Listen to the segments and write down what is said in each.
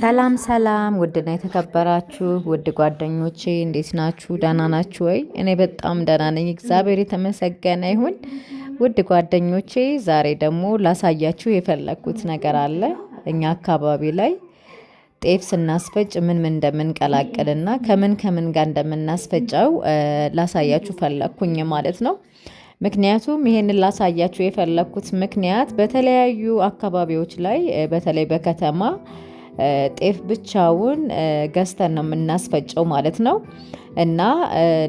ሰላም ሰላም ውድና የተከበራችሁ ውድ ጓደኞቼ እንዴት ናችሁ? ደህና ናችሁ ወይ? እኔ በጣም ደህና ነኝ፣ እግዚአብሔር የተመሰገነ ይሁን። ውድ ጓደኞቼ ዛሬ ደግሞ ላሳያችሁ የፈለግኩት ነገር አለ። እኛ አካባቢ ላይ ጤፍ ስናስፈጭ ምን ምን እንደምንቀላቅልና ከምን ከምን ጋር እንደምናስፈጨው ላሳያችሁ ፈለግኩኝ ማለት ነው። ምክንያቱም ይሄንን ላሳያችሁ የፈለግኩት ምክንያት በተለያዩ አካባቢዎች ላይ በተለይ በከተማ ጤፍ ብቻውን ገዝተን ነው የምናስፈጨው ማለት ነው። እና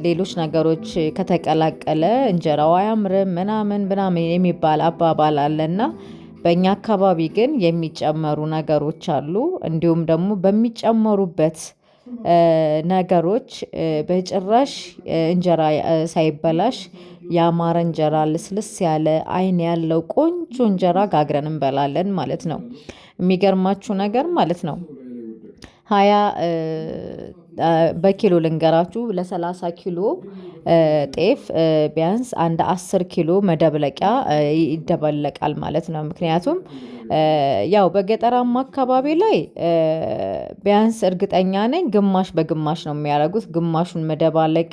ሌሎች ነገሮች ከተቀላቀለ እንጀራው አያምርም ምናምን ምናምን የሚባል አባባል አለና በእኛ አካባቢ ግን የሚጨመሩ ነገሮች አሉ። እንዲሁም ደግሞ በሚጨመሩበት ነገሮች በጭራሽ እንጀራ ሳይበላሽ ያማረ እንጀራ ልስልስ ያለ አይን ያለው ቆንጆ እንጀራ ጋግረን እንበላለን ማለት ነው። የሚገርማችሁ ነገር ማለት ነው ሀያ በኪሎ ልንገራችሁ ለሰላሳ ኪሎ ጤፍ ቢያንስ አንድ አስር ኪሎ መደብለቂያ ይደበለቃል ማለት ነው። ምክንያቱም ያው በገጠራማ አካባቢ ላይ ቢያንስ እርግጠኛ ነኝ ግማሽ በግማሽ ነው የሚያደርጉት። ግማሹን መደባለቅ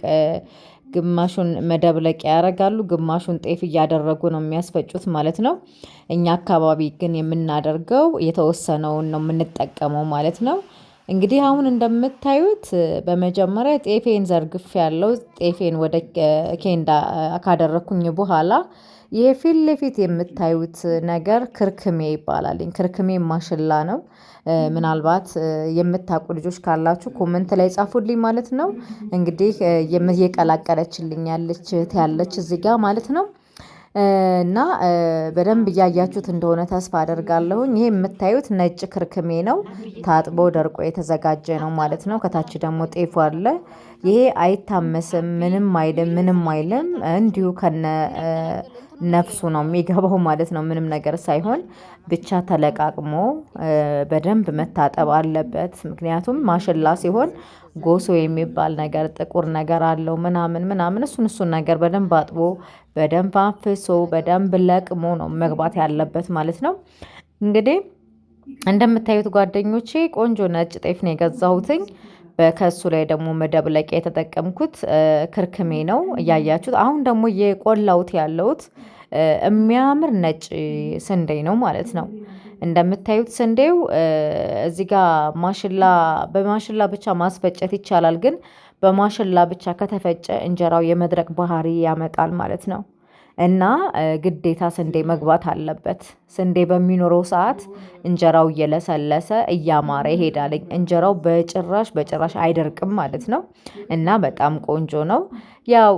ግማሹን መደብለቂያ ያደርጋሉ፣ ግማሹን ጤፍ እያደረጉ ነው የሚያስፈጩት ማለት ነው። እኛ አካባቢ ግን የምናደርገው የተወሰነውን ነው የምንጠቀመው ማለት ነው። እንግዲህ አሁን እንደምታዩት በመጀመሪያ ጤፌን ዘርግፍ ያለው ጤፌን ወደ ኬንዳ ካደረግኩኝ በኋላ ይሄ ፊት ለፊት የምታዩት ነገር ክርክሜ ይባላል። ክርክሜ ማሽላ ነው። ምናልባት የምታውቁ ልጆች ካላችሁ ኮመንት ላይ ጻፉልኝ ማለት ነው። እንግዲህ የቀላቀለችልኝ ያለች ያለች እዚህ ጋር ማለት ነው። እና በደንብ እያያችሁት እንደሆነ ተስፋ አደርጋለሁኝ። ይሄ የምታዩት ነጭ ክርክሜ ነው። ታጥቦ ደርቆ የተዘጋጀ ነው ማለት ነው። ከታች ደግሞ ጤፉ አለ። ይሄ አይታመስም፣ ምንም አይልም፣ ምንም አይልም። እንዲሁ ከነ ነፍሱ ነው የሚገባው ማለት ነው። ምንም ነገር ሳይሆን ብቻ ተለቃቅሞ በደንብ መታጠብ አለበት። ምክንያቱም ማሽላ ሲሆን ጎሶ የሚባል ነገር ጥቁር ነገር አለው ምናምን ምናምን እሱን እሱን ነገር በደንብ አጥቦ በደንብ አንፍሶ በደንብ ለቅሞ ነው መግባት ያለበት ማለት ነው። እንግዲህ እንደምታዩት ጓደኞቼ ቆንጆ ነጭ ጤፍ ነው የገዛሁትኝ። በከሱ ላይ ደግሞ መደብለቂያ የተጠቀምኩት ክርክሜ ነው እያያችሁት። አሁን ደግሞ የቆላውት ያለውት የሚያምር ነጭ ስንዴ ነው ማለት ነው። እንደምታዩት ስንዴው እዚህ ጋር ማሽላ በማሽላ ብቻ ማስፈጨት ይቻላል፣ ግን በማሽላ ብቻ ከተፈጨ እንጀራው የመድረቅ ባህሪ ያመጣል ማለት ነው እና ግዴታ ስንዴ መግባት አለበት። ስንዴ በሚኖረው ሰዓት እንጀራው እየለሰለሰ እያማረ ይሄዳል። እንጀራው በጭራሽ በጭራሽ አይደርቅም ማለት ነው እና በጣም ቆንጆ ነው። ያው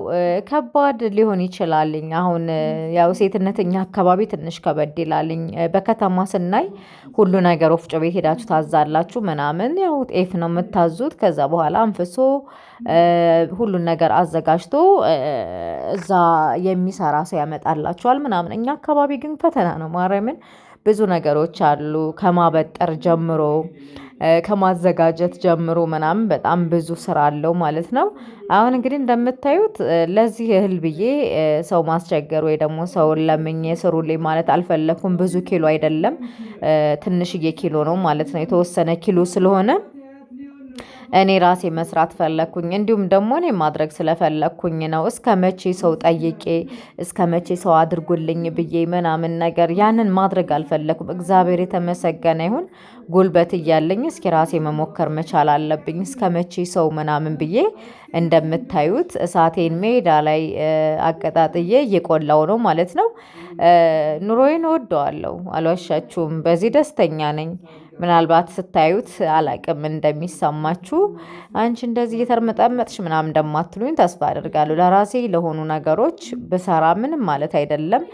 ከባድ ሊሆን ይችላልኝ አሁን ያው ሴትነተኛ አካባቢ ትንሽ ከበድ ይላልኝ። በከተማ ስናይ ሁሉ ነገር ወፍጮ ቤት ሄዳችሁ ታዛላችሁ ምናምን። ያው ጤፍ ነው የምታዙት። ከዛ በኋላ አንፍሶ ሁሉን ነገር አዘጋጅቶ እዛ የሚሰራ ሰው ያመጣላችኋል ምናምን። እኛ አካባቢ ግን ፈተና ነው ማረ ለምን ብዙ ነገሮች አሉ ከማበጠር ጀምሮ ከማዘጋጀት ጀምሮ ምናምን በጣም ብዙ ስራ አለው ማለት ነው። አሁን እንግዲህ እንደምታዩት ለዚህ እህል ብዬ ሰው ማስቸገር ወይ ደግሞ ሰውን ለምኜ ስሩልኝ ማለት አልፈለኩም። ብዙ ኪሎ አይደለም ትንሽዬ ኪሎ ነው ማለት ነው የተወሰነ ኪሎ ስለሆነ እኔ ራሴ መስራት ፈለግኩኝ፣ እንዲሁም ደግሞ እኔ ማድረግ ስለፈለግኩኝ ነው። እስከ መቼ ሰው ጠይቄ እስከ መቼ ሰው አድርጎልኝ ብዬ ምናምን ነገር ያንን ማድረግ አልፈለኩም። እግዚአብሔር የተመሰገነ ይሁን። ጉልበት እያለኝ እስኪ ራሴ መሞከር መቻል አለብኝ። እስከ መቼ ሰው ምናምን ብዬ እንደምታዩት እሳቴን ሜዳ ላይ አቀጣጥዬ እየቆላው ነው ማለት ነው። ኑሮዬን እወደዋለሁ፣ አልዋሻችሁም። በዚህ ደስተኛ ነኝ። ምናልባት ስታዩት አላቅም እንደሚሰማችሁ አንቺ እንደዚህ እየተርመጠመጥሽ ምናምን እንደማትሉኝ ተስፋ አደርጋለሁ። ለራሴ ለሆኑ ነገሮች ብሰራ ምንም ማለት አይደለም።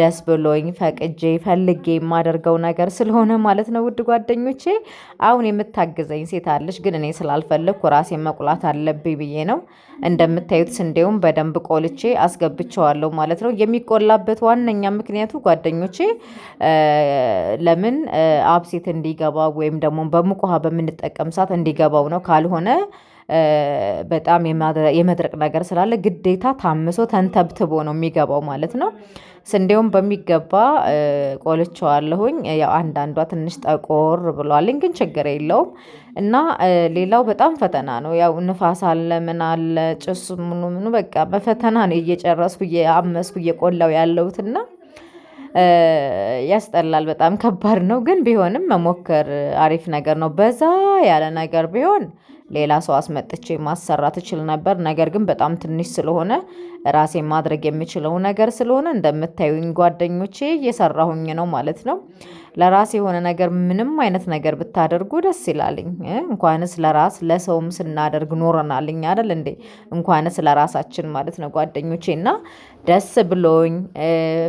ደስ ብሎኝ ፈቅጄ ፈልጌ የማደርገው ነገር ስለሆነ ማለት ነው። ውድ ጓደኞቼ አሁን የምታግዘኝ ሴት አለች፣ ግን እኔ ስላልፈለግኩ ራሴ መቁላት አለብኝ ብዬ ነው። እንደምታዩት ስንዴውም በደንብ ቆልቼ አስገብቸዋለሁ ማለት ነው። የሚቆላበት ዋነኛ ምክንያቱ ጓደኞቼ ለምን አብሴት እንዲገባ በአበባ ወይም ደግሞ በሙቅ ውሃ በምንጠቀም ሰዓት እንዲገባው ነው። ካልሆነ በጣም የመድረቅ ነገር ስላለ ግዴታ ታምሶ ተንተብትቦ ነው የሚገባው ማለት ነው። ስንዴውም በሚገባ ቆልቸዋለሁኝ። ያው አንዳንዷ ትንሽ ጠቆር ብሏልኝ ግን ችግር የለውም። እና ሌላው በጣም ፈተና ነው። ያው ንፋስ አለ፣ ምን አለ፣ ጭሱ ምኑ ምኑ በቃ በፈተና ነው እየጨረስኩ እየአመስኩ እየቆላው ያለሁትና ያስጠላል። በጣም ከባድ ነው፣ ግን ቢሆንም መሞከር አሪፍ ነገር ነው። በዛ ያለ ነገር ቢሆን ሌላ ሰው አስመጥቼ ማሰራት እችል ነበር። ነገር ግን በጣም ትንሽ ስለሆነ ራሴ ማድረግ የምችለው ነገር ስለሆነ እንደምታዩኝ ጓደኞቼ እየሰራሁኝ ነው ማለት ነው። ለራሴ የሆነ ነገር ምንም አይነት ነገር ብታደርጉ ደስ ይላልኝ። እንኳንስ ለራስ ለሰውም ስናደርግ ኖረናልኝ አይደል እንዴ? እንኳንስ ለራሳችን ማለት ነው ጓደኞቼ። እና ደስ ብሎኝ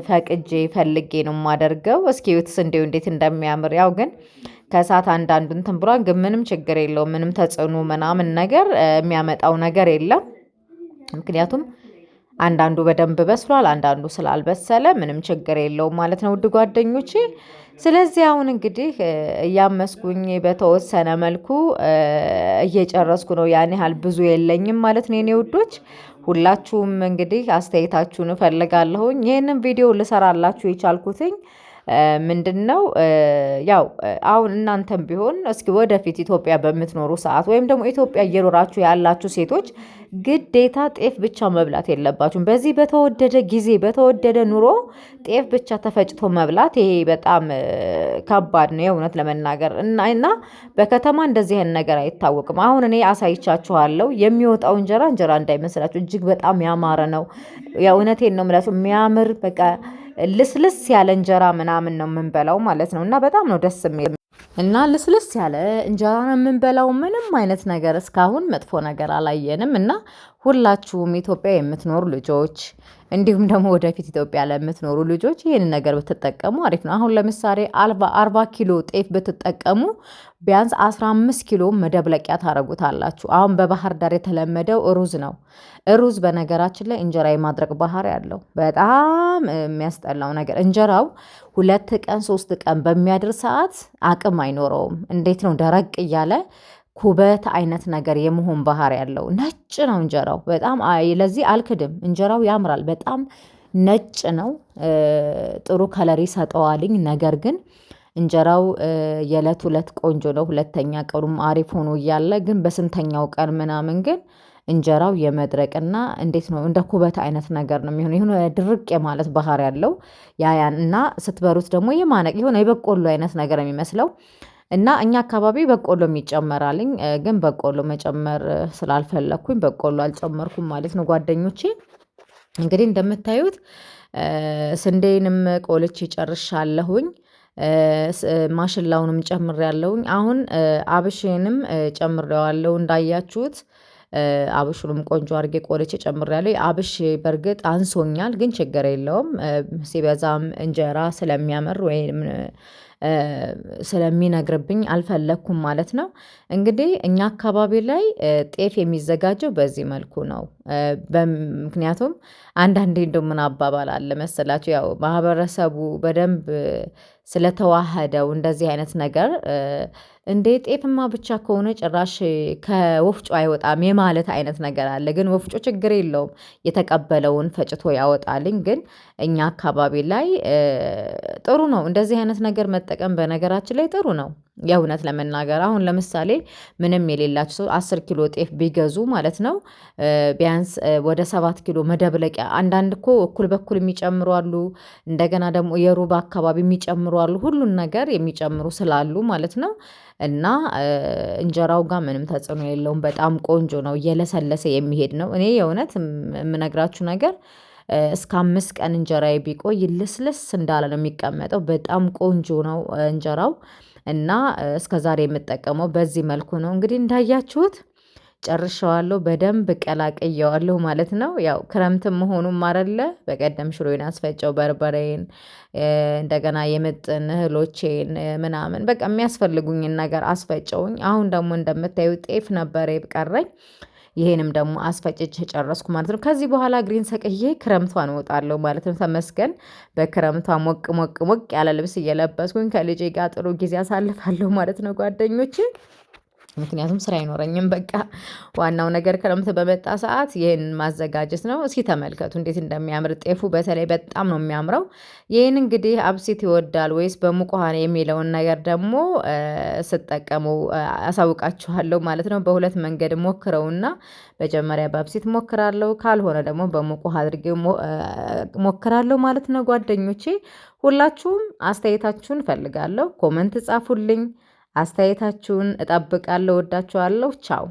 ፈቅጄ ፈልጌ ነው የማደርገው። እስኪ ዩትስ እንዴት እንደሚያምር ያው ግን ከእሳት አንዳንዱ እንትን ብሏል። ግን ምንም ችግር የለውም። ምንም ተጽዕኖ ምናምን ነገር የሚያመጣው ነገር የለም። ምክንያቱም አንዳንዱ በደንብ በስሏል፣ አንዳንዱ ስላልበሰለ ምንም ችግር የለውም ማለት ነው ውድ ጓደኞቼ። ስለዚህ አሁን እንግዲህ እያመስኩኝ በተወሰነ መልኩ እየጨረስኩ ነው። ያን ያህል ብዙ የለኝም ማለት ነው የኔ ውዶች። ሁላችሁም እንግዲህ አስተያየታችሁን እፈልጋለሁኝ። ይህንን ቪዲዮ ልሰራላችሁ የቻልኩትኝ ምንድነው ያው አሁን እናንተም ቢሆን እስኪ ወደፊት ኢትዮጵያ በምትኖሩ ሰዓት ወይም ደግሞ ኢትዮጵያ እየኖራችሁ ያላችሁ ሴቶች ግዴታ ጤፍ ብቻ መብላት የለባችሁም። በዚህ በተወደደ ጊዜ በተወደደ ኑሮ ጤፍ ብቻ ተፈጭቶ መብላት ይሄ በጣም ከባድ ነው የእውነት ለመናገር እና በከተማ እንደዚህ አይነት ነገር አይታወቅም። አሁን እኔ አሳይቻችኋለሁ። የሚወጣው እንጀራ እንጀራ እንዳይመስላችሁ እጅግ በጣም ያማረ ነው። የእውነቴን ነው የምላችሁ የሚያምር በቃ ልስልስ ያለ እንጀራ ምናምን ነው የምንበላው ማለት ነው እና በጣም ነው ደስ የሚል እና ልስልስ ያለ እንጀራ ነው የምንበላው። ምንም አይነት ነገር እስካሁን መጥፎ ነገር አላየንም። እና ሁላችሁም ኢትዮጵያ የምትኖሩ ልጆች እንዲሁም ደግሞ ወደፊት ኢትዮጵያ ለምትኖሩ ልጆች ይህንን ነገር ብትጠቀሙ አሪፍ ነው። አሁን ለምሳሌ አርባ ኪሎ ጤፍ ብትጠቀሙ ቢያንስ 15 ኪሎ መደብለቂያ ታደርጉታላችሁ። አሁን በባህር ዳር የተለመደው ሩዝ ነው። ሩዝ በነገራችን ላይ እንጀራ የማድረቅ ባህሪ ያለው በጣም የሚያስጠላው ነገር እንጀራው ሁለት ቀን ሶስት ቀን በሚያድር ሰዓት አቅም አይኖረውም። እንዴት ነው ደረቅ እያለ ኩበት አይነት ነገር የመሆን ባህሪ ያለው ነጭ ነው እንጀራው በጣም ለዚህ አልክድም እንጀራው ያምራል በጣም ነጭ ነው። ጥሩ ከለር ይሰጠዋልኝ ነገር ግን እንጀራው የእለት ሁለት ቆንጆ ነው ሁለተኛ ቀኑም አሪፍ ሆኖ እያለ ግን በስንተኛው ቀን ምናምን ግን እንጀራው የመድረቅና እንዴት ነው እንደ ኩበት አይነት ነገር ነው የሚሆነው የሆነ ድርቅ የማለት ባህር ያለው ያያን እና ስትበሩት ደግሞ የማነቅ የሆነ የበቆሎ አይነት ነገር የሚመስለው እና እኛ አካባቢ በቆሎም ይጨመራልኝ ግን በቆሎ መጨመር ስላልፈለግኩኝ በቆሎ አልጨመርኩም ማለት ነው። ጓደኞቼ እንግዲህ እንደምታዩት ስንዴንም ቆልቼ ጨርሻለሁኝ። ማሽላውንም ጨምር ያለውኝ አሁን ጨምር ጨምሬዋለሁ እንዳያችሁት አብሹንም ቆንጆ አድርጌ ቆልቼ ጨምሬያለሁ። አብሽ በርግጥ አንሶኛል ግን ችግር የለውም ሲበዛም እንጀራ ስለሚያምር ወይም ስለሚነግርብኝ አልፈለኩም ማለት ነው። እንግዲህ እኛ አካባቢ ላይ ጤፍ የሚዘጋጀው በዚህ መልኩ ነው። ምክንያቱም አንዳንዴ እንደምን አባባል አለ ያው ማህበረሰቡ በደንብ ስለተዋሃደው እንደዚህ አይነት ነገር እንዴ ጤፍማ ብቻ ከሆነ ጭራሽ ከወፍጮ አይወጣም የማለት አይነት ነገር አለ። ግን ወፍጮ ችግር የለውም የተቀበለውን ፈጭቶ ያወጣልኝ። ግን እኛ አካባቢ ላይ ጥሩ ነው እንደዚህ አይነት ነገር መጠቀም በነገራችን ላይ ጥሩ ነው የእውነት ለመናገር አሁን ለምሳሌ ምንም የሌላቸው ሰው አስር ኪሎ ጤፍ ቢገዙ ማለት ነው ቢያንስ ወደ ሰባት ኪሎ መደብለቂያ አንዳንድ እኮ እኩል በኩል የሚጨምሩ አሉ። እንደገና ደግሞ የሩብ አካባቢ የሚጨምሩ አሉ። ሁሉን ነገር የሚጨምሩ ስላሉ ማለት ነው። እና እንጀራው ጋር ምንም ተጽዕኖ የለውም። በጣም ቆንጆ ነው እየለሰለሰ የሚሄድ ነው። እኔ የእውነት የምነግራችሁ ነገር እስከ አምስት ቀን እንጀራ ቢቆይ ልስልስ እንዳለ ነው የሚቀመጠው። በጣም ቆንጆ ነው እንጀራው እና እስከዛሬ የምጠቀመው በዚህ መልኩ ነው። እንግዲህ እንዳያችሁት ጨርሸዋለሁ በደንብ ቀላቅየዋለሁ ማለት ነው። ያው ክረምትም መሆኑም አይደለ በቀደም ሽሮዬን አስፈጨው በርበሬን እንደገና የምጥን እህሎቼን ምናምን በቃ የሚያስፈልጉኝን ነገር አስፈጨውኝ። አሁን ደግሞ እንደምታዩ ጤፍ ነበር የቀረኝ ይሄንም ደግሞ አስፈጭቼ ጨረስኩ ማለት ነው። ከዚህ በኋላ ግሪን ሰቅዬ ክረምቷን እወጣለሁ ማለት ነው። ተመስገን በክረምቷ ሞቅ ሞቅ ሞቅ ያለ ልብስ እየለበስኩኝ ከልጄ ጋር ጥሩ ጊዜ አሳልፋለሁ ማለት ነው ጓደኞች። ምክንያቱም ስራ አይኖረኝም። በቃ ዋናው ነገር ክረምት በመጣ ሰዓት ይህን ማዘጋጀት ነው። እስኪ ተመልከቱ እንዴት እንደሚያምር ጤፉ በተለይ በጣም ነው የሚያምረው። ይህን እንግዲህ አብሲት ይወዳል ወይስ በሙቅ ውሃ የሚለውን ነገር ደግሞ ስጠቀሙ አሳውቃችኋለሁ ማለት ነው። በሁለት መንገድ ሞክረውና መጀመሪያ በአብሲት ሞክራለሁ፣ ካልሆነ ደግሞ በሙቅ ውሃ አድርጌ ሞክራለሁ ማለት ነው። ጓደኞቼ ሁላችሁም አስተያየታችሁን ፈልጋለሁ። ኮመንት ጻፉልኝ። አስተያየታችሁን እጠብቃለሁ። ወዳችኋለሁ። ቻው